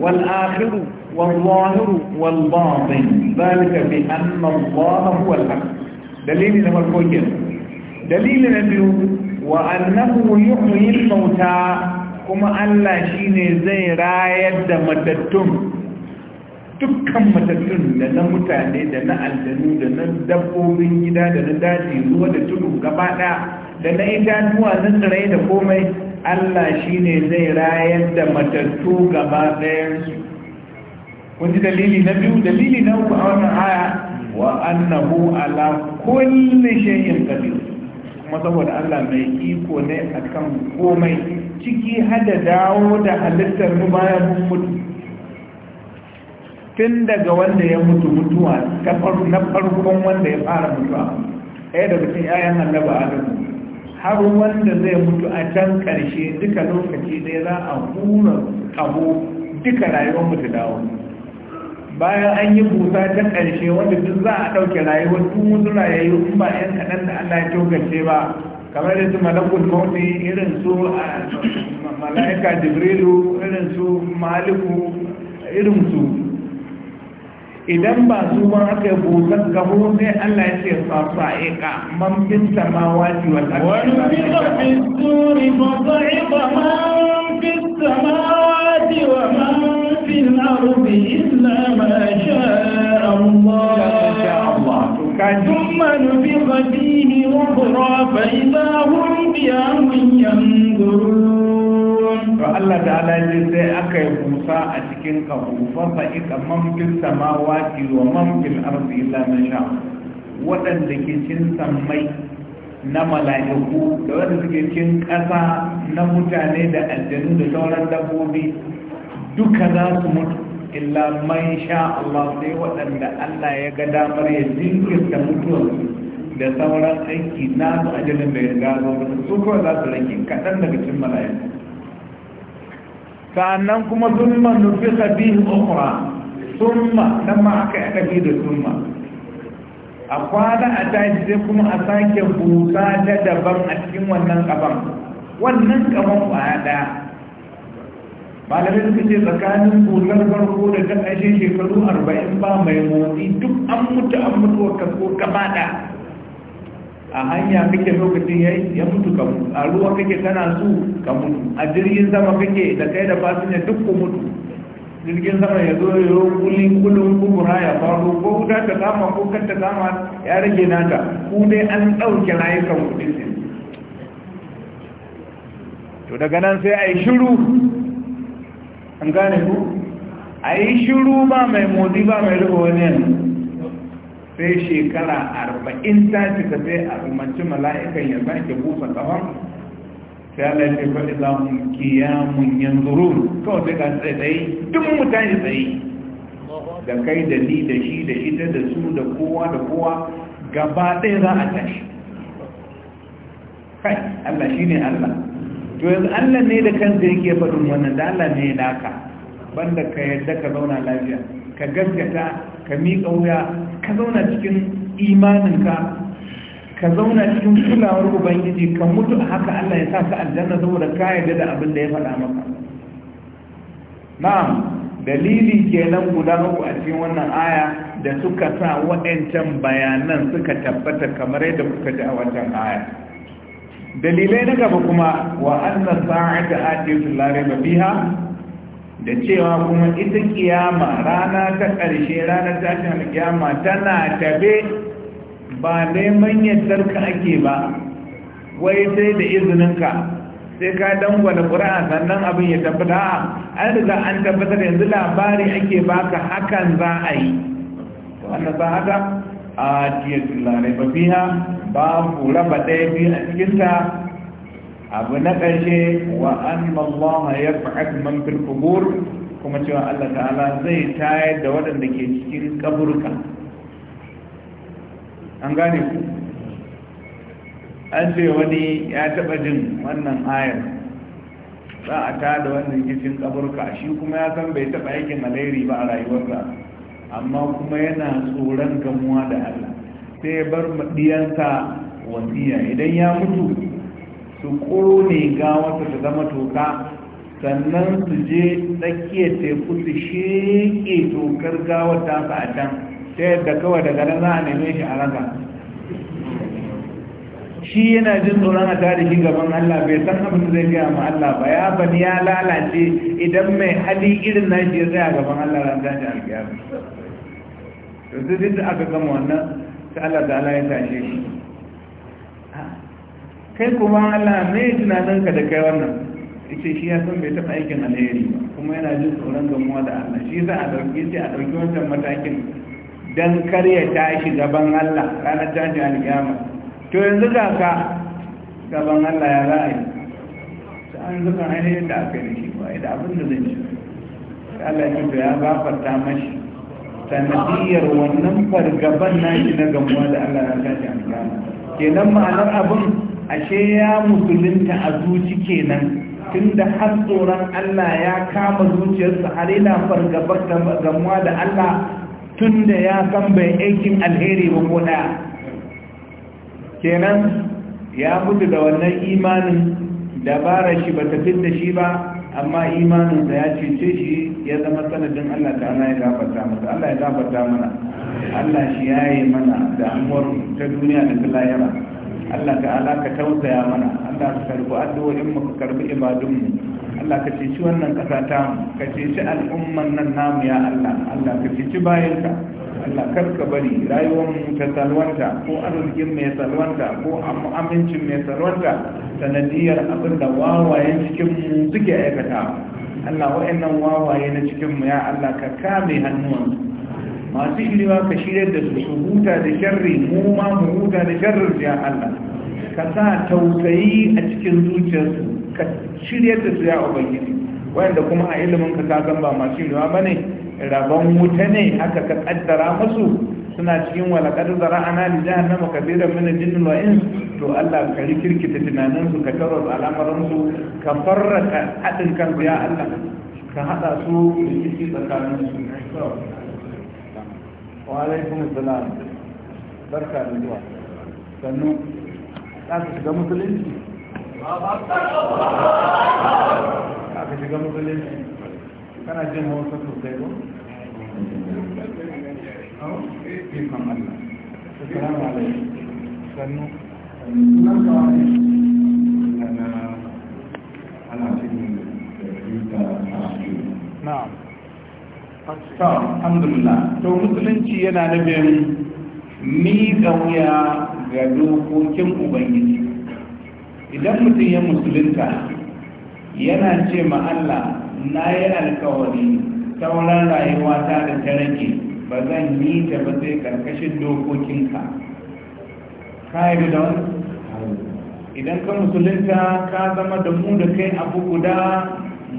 wal akhiru wal zahiru wal batin zalika bi anna Allah huwa al-haq dalili na farko kenan dalili na biyu wa annahu yuhyi al-mauta kuma Allah shine zai rayar da matattun dukkan matattun da na mutane da na aljanu da na dabbobin gida da na daji ruwa da tudu gaba da na itatuwa na tsirai da komai allah shi ne zai rayar da matattu gaba ɗayansu wani dalili na biyu dalili na uku a wannan aya wa annahu ala kulli shay'in qadir kuma saboda allah mai iko ne akan komai ciki hada dawo da halittar mu baya mun mutu tun daga wanda ya mutu mutuwa na farkon wanda ya fara mutuwa ɗaya daga cikin yayan annaba adamu har wanda zai mutu a can karshe duka lokaci ɗaya za a hura abu duka rayuwar mutu dawo bayan an yi busa ta ƙarshe wanda duk za a ɗauke rayuwar tun wasu rayayu in ba yan kaɗan da Allah ya tokace ba kamar da su malakul mauti irin su mala'ika jibrilu irin su maliku irin su idan ba su ma aka yi busar gabo sai Allah ya ce sassa'ika man fi samawati wal ardi wa wani fi suri fa sa'iqa man fi samawati wa man fi al-ardi illa ma sha'a Allah ثم نفق فيه أخرى فإذا هم بأمر ينظرون to Allah ta'ala ce sai aka yi kusa a cikin kafu fa sa'iqa man fil samawati wa man fil ardi illa man sha waɗanda ke cin sammai na mala'iku da wanda suke cin ƙasa na mutane da aljanu da sauran dabbobi duka za su mutu illa man sha Allah sai waɗanda Allah ya ga damar ya jinkirta mutuwarsu da sauran aiki na su ajalin da ya gano su kuma za su rage kaɗan daga cin mala'iku sa'annan kuma summa nufika bihi ukhra summa nan ma aka yi kafi da summa a kwana a daji sai kuma a sake busa ta daban a cikin wannan kaban wannan kaban ƙwaya ɗaya. malamai suka ce tsakanin busar farko da ta ƙashe shekaru arba'in ba mai motsi duk an mutu an mutuwa kaso gaba ɗaya a hanya kake lokacin yayi ya mutu ka mutu a ruwa kake tana su ka mutu a jirgin sama kake da kai da fasinja duk ku mutu jirgin sama ya zo ya kulin kulun kubura ya faru ko wuta ta kama ko kan ta kama ya rage nata ku dai an ɗauke rayukan kuɗin to daga nan sai a yi shiru an gane ku a yi shiru ba mai modi ba mai rufe wani yanzu sai shekara arba'in ta cika sai a umarci mala'ikan ya sake busa tsawon sai Allah ya faɗi za mu mun yanzu kawai sai ka tsaye tsaye duk mutane tsaye da kai da ni da shi da ita da su da kowa da kowa gaba ɗaya za a tashi kai Allah shi ne Allah to yanzu Allah ne da kansa yake faɗin wannan da Allah ne naka banda ka yadda ka zauna lafiya ka gaskata ka miƙa wuya ka zauna cikin imaninka ka zauna cikin kulawar ubangiji ka mutu a haka Allah ya sa ka aljanna saboda ka yarda da abin da ya faɗa maka na'am dalili kenan guda uku a cikin wannan aya da suka sa waɗancan bayanan suka tabbata kamar yadda kuka ji a wancan aya dalilai na gaba kuma wa annan ta atiyatu la ba biha da cewa kuma ita kiyama rana ta ƙarshe rana ranar shan kiyama tana tabe ba neman ka ake ba wai sai da izininka sai ka dangwada ƙura'a sannan abin ya tabbata an riga an tabbatar yanzu labari ake baka hakan za a yi wannan za haka a tiyar tularai ba fiya babu raba ɗaya biyu a cikinta abu na ƙarshe wa an Allah ya fi man fil qubur kuma cewa Allah ta'ala zai tayar da waɗanda ke cikin kaburka an gane ku an ce wani ya taɓa jin wannan ayar za a ta da wannan cikin kaburka shi kuma ya san bai taɓa aikin alheri ba a rayuwarsa amma kuma yana tsoron gamuwa da Allah sai bar maɗiyansa wasiya idan ya mutu su kone gawarsa ta zama toka sannan su je tsakiyar teku su sheƙe tokar gawar ta a can ta yadda kawai daga nan za a neme shi a raga shi yana jin tsoron a tare shi gaban Allah bai san abin da zai gaya ma Allah ba ya bani ya lalace idan mai hali irin na shi ya tsaya gaban Allah ran tashi alƙiyar to duk da aka gama wannan sai Allah ta Allah ya tashe shi kai kuma Allah mai tunaninka da kai wannan ce shi ya san bai taɓa aikin alheri ba kuma yana jin tsoron gamuwa da Allah shi za a ɗauki sai a ɗauki wancan matakin don karya tashi gaban Allah ranar tashi alƙiyama to yanzu ga ka gaban Allah ya za a yi ta an zuka ainihin da aka yi shi ba da abin da zai ci Allah ya to ya gafarta mashi sanadiyar wannan fargaban nashi na gamuwa da Allah ya tashi alƙiyama kenan ma'anar abin ashe ya musulunta a zuci kenan tunda har tsoron Allah ya kama zuciyarsa har yana fargabar gamuwa da Allah tunda ya san bai aikin alheri ba ko daya kenan ya mutu da wannan imanin dabara shi ba ta da shi ba amma imanin da ya cece shi ya zama sanadin Allah ta ana ya gafarta masa Allah ya gafarta mana Allah shi yayi mana da amuwar ta duniya da ta lahira Allah ta'ala ka tausaya mana Allah ka karbi addu'o'in mu ka karbi ibadun mu Allah ka ceci wannan ƙasa ta mu ka ceci al'umman nan namu ya Allah Allah ka ceci bayanka Allah kar ka bari rayuwar mu ta salwanta ko arzikin mai salwanta ko amincin mai salwanta sanadiyar abin da wawayen cikin mu suke aikata Allah wa'annan wawaye na cikin mu ya Allah ka kame hannuwansu masu ilima ka shirya da su huta da sharri mu ma mu huta da sharrin ya Allah ka sa tausayi a cikin zuciyarsu ka shirya da su ya ubangiji wanda kuma a ilimin ka ka san ba masu ilima bane rabon wuta ne haka ka kaddara musu suna cikin walakar zara'ana li jahannama kabiran min al mini wal wa'in? to Allah ka rikirkita tunanin su ka taro al'amarin ka farraka haɗin kan ya Allah ka haɗa su rikici tsakanin su wa alaikum salam barka da zuwa sannu za ka shiga musulunci za ka shiga musulunci kana jin hausa sosai ba ikon Allah alaikum sannu ana cikin da to alhamdulillah to musulunci yana nufin miƙa wuya ga dokokin ubangiji idan mutum ya musulunta yana ce ma Allah na yi alkawari sauran rayuwa ta da ta rage ba zan yi ta ba sai karkashin dokokinka ka yi da wani idan ka musulunta ka zama da mu da kai abu guda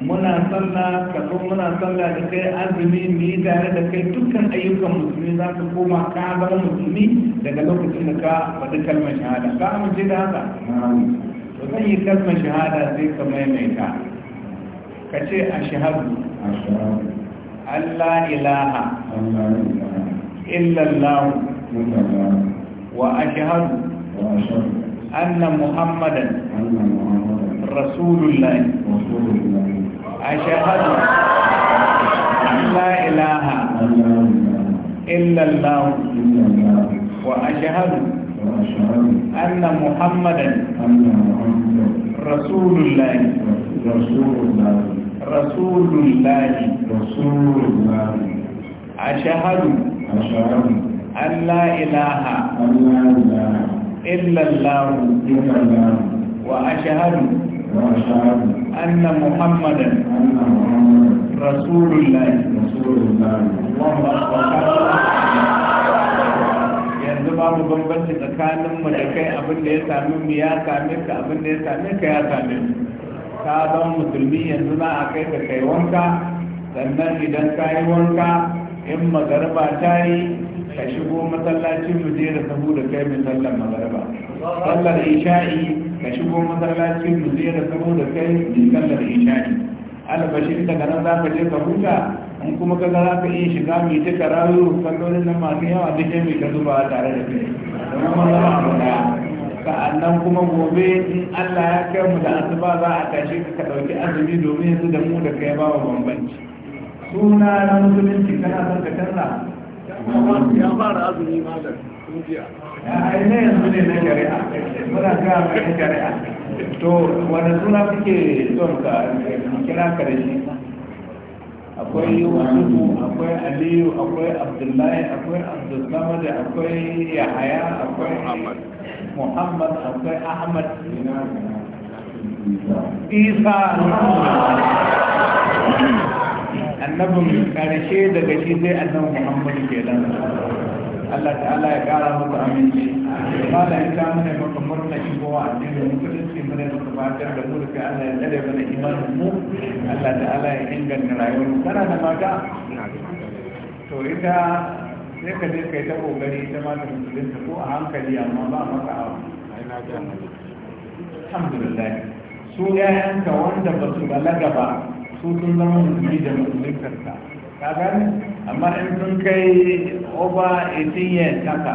muna sallah ka zo muna sallah da kai azumi mu yi tare da kai dukkan ayyukan musulmi za ka koma ka zama musulmi daga lokacin da ka faɗi kalmar shahada ka amince da haka to zan yi kalmar shahada sai ka maimaita ka ce a shahadu Allah ilaha illallah wa a shahadu, anna muhammadan rasulullah أشهد أن لا إله إلا الله وأشهد أن محمدا رسول الله رسول الله رسول الله رسول الله أشهد أن لا إله إلا الله وأشهد أن محمدا رسول الله اللهم yanzu babu bambanci tsakaninmu da kai abin da ya sami mu ya same ka abin da ya same ka ya same mu ka zama musulmi yanzu za a kai ka kai wanka sannan idan ka yi wanka in magarba ta yi ka shigo masallacin mu je da sahu da kai min sallar magariba sallar isha'i ka shigo masallacin mu je da sahu da kai min sallar isha'i albashin daga nan za ka je ka huta in kuma ka za ka iya shiga mai ta karayu sallolin nan masu yawa duk mai ka zuba tare da kai kuma mun abu daya sa'annan kuma gobe in Allah ya kai mu da asuba za a tashi ka ɗauki azumi domin yanzu da mu da kai ba bambanci suna na musulunci kana son ka canza ya yanzu ne na shari'a muna shari'a to wani suna suke ka kira akwai wasu akwai aliyu akwai abdullahi akwai abdulsamad akwai yahaya akwai muhammad akwai ahmad isa annabin karshe daga shi zai annabin muhammadu ke nan Allah ta'ala ya kara muku aminci ba da ita mana maka murna shi kowa a cikin mutunci mana maka fatar da mulki Allah ya tsare mana imanin mu Allah ta'ala ya inganta rayuwar tana kana da mata to ita sai ka je kai ta kokari ta ma ta musulunta ko a hankali amma ba maka awa alhamdulillah su yayanka wanda ba su balaga ba su sun zama musulmi da musulunta ka ka gani amma in sun kai over 18 years haka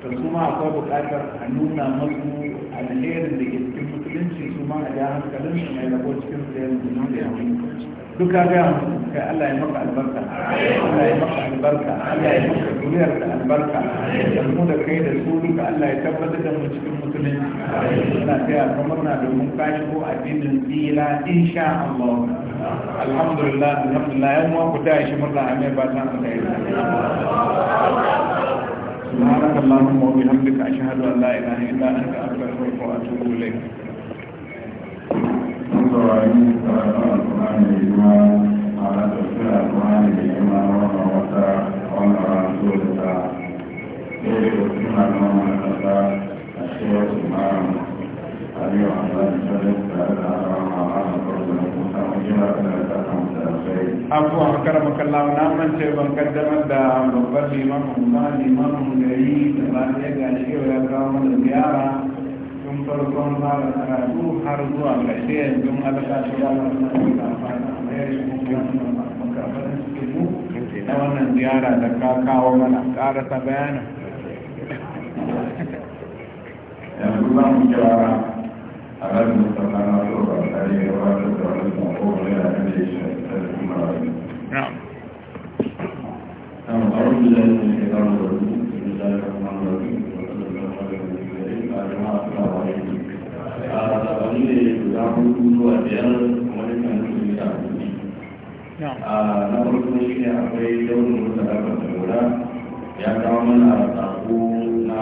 to su ma akwai bukatar a nuna masu alherin da ke cikin musulunci su ma a ja hankalin su mai rabo cikin yawon musulunci duka gaya musu kai Allah ya maka albarka Allah ya maka albarka Allah ya maka duniyar da albarka da mu da kai da su duka Allah ya tabbatar da mu cikin musulunci Allah ta ya kuma murna domin ka shigo addinin tsira insha Allah alhamdulillah alhamdulillah yan uwa ku ta shi murna a mai ba ta kai سبحانك اللهم وبحمدك أشهد أن لا إله إلا أنت أستغفرك وأتوب إليك mun saurari karatun da a tafiyar alkur'ani da da ta ɗaya da na a shewar umaran aliyu makar makallawa na mance ban kaddamar da babban limamin ba limamin gari da ba ɗaya ga shewar ya kawo mana ziyara tun farkon fara karatu har zuwa ƙarshe yanzu alaka ta yawa na da amfani a mayar shi kuma makafarin suke mu na wannan ziyara da ka kawo mana ƙarasa bayanin yanzu za mu gyara a ranar musamman na so ba tare da wata da wani mako wani da na farko shi ne akwai daunin wata ya kawo mana sako na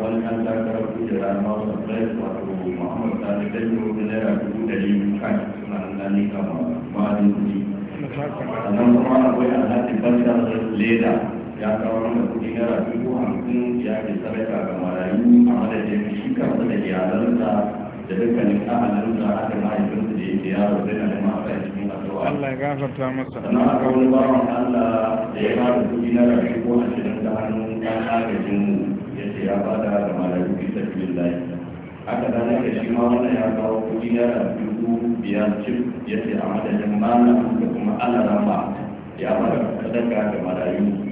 wani ɗan takarar na ya ya ke sadaka ga marayu a madadin kansa da iyalansa da dukkanin ahalinsa haka mahaifinsa da yake yaro zai na da masu a cikin addu'a Allah ya gafarta masa sannan aka wani bawan Allah da ya ba da kuɗi na rafi ko a cikin ta hannun ɗan agajin ya ce ya ba da ga malayu bisa filin layi haka da nake shi ma wannan ya kawo kuɗi na rafi biyar cif ya ce a madadin malam da kuma ana rama ya ba da sadaka ga malayu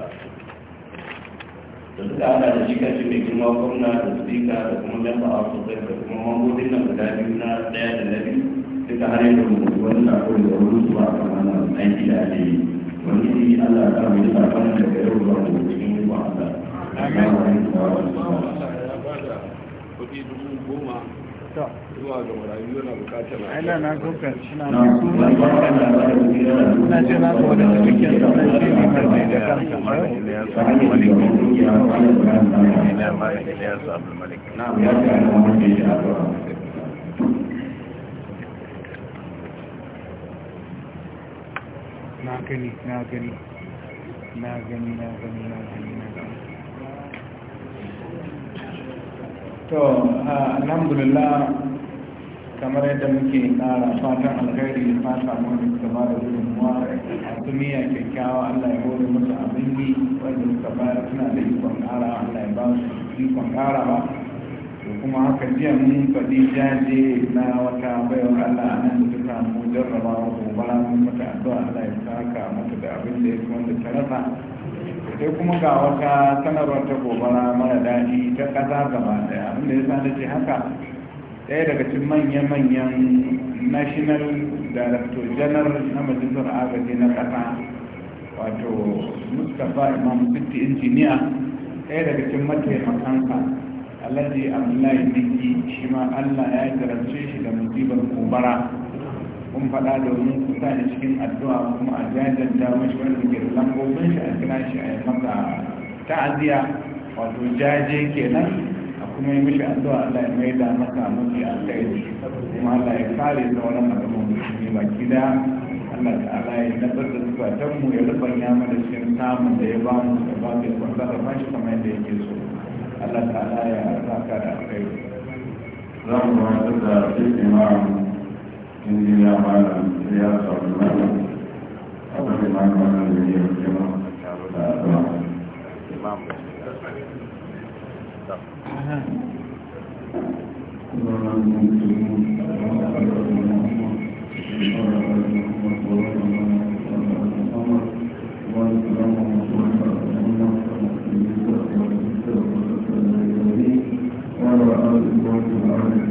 da suka hada da shi kashi mai girma gwamna da spika da kuma memba a sosai da kuma mambobin nan guda biyu na daya da na biyu duka har yadda mu wani sako da wani su ba a kamana aiki da ake yi wani shi allah ta mu yi sakon da ga yau ba mu cikin yi ba allah. Amin. Kuɗi dubu goma zuwa ga marayu yana bukatar ana na kuka suna masu na ce na so da cikin suna shi ne mai da kanka na gani na gani na gani na gani na gani to alhamdulillah kamar yadda muke tsara fatan alkhairi ta samu da suka ba da gudunmuwa a duniya kyakkyawa allah ya gode musu abin yi wanda suka bayar suna da ikon ƙara allah ya ba su ikon ƙara ba to kuma haka jiya mun faɗi jaje na wata bayan allah a nan da suka da abin da ya wanda ta rasa sai kuma ga wata sanarwar ta gobara mara daɗi ta ƙasa gaba ɗaya abin da ya sa na ce haka ɗaya daga cikin manya-manyan national director general na majalisar agaji na ƙasa wato mustapha imam sitti injiniya ɗaya daga cikin mataimakansa alhaji abdullahi niki shi ma allah ya jarabce shi da musibar gobara kun faɗa domin ku sa ni cikin addu'a kuma a jajanta mashi wani muke lambobin shi a kira shi a yi maka ta'aziya wato jaje kenan a kuma yi mishi addu'a Allah ya mai da maka mafi alkhairi kuma Allah ya kare sauran al'ummar musulmi baki da Allah ta'ala ya nabar da zukatan mu ya rubanya mana cikin samun da ya ba mu da ba mu kwanta da fashi kamar yadda yake so Allah ta'ala ya raka da alkhairi. Zan ba da cikin imam إني يا معلم يا صاحب المعلم أبقي معك وأنا الذي يرحمه Thank you.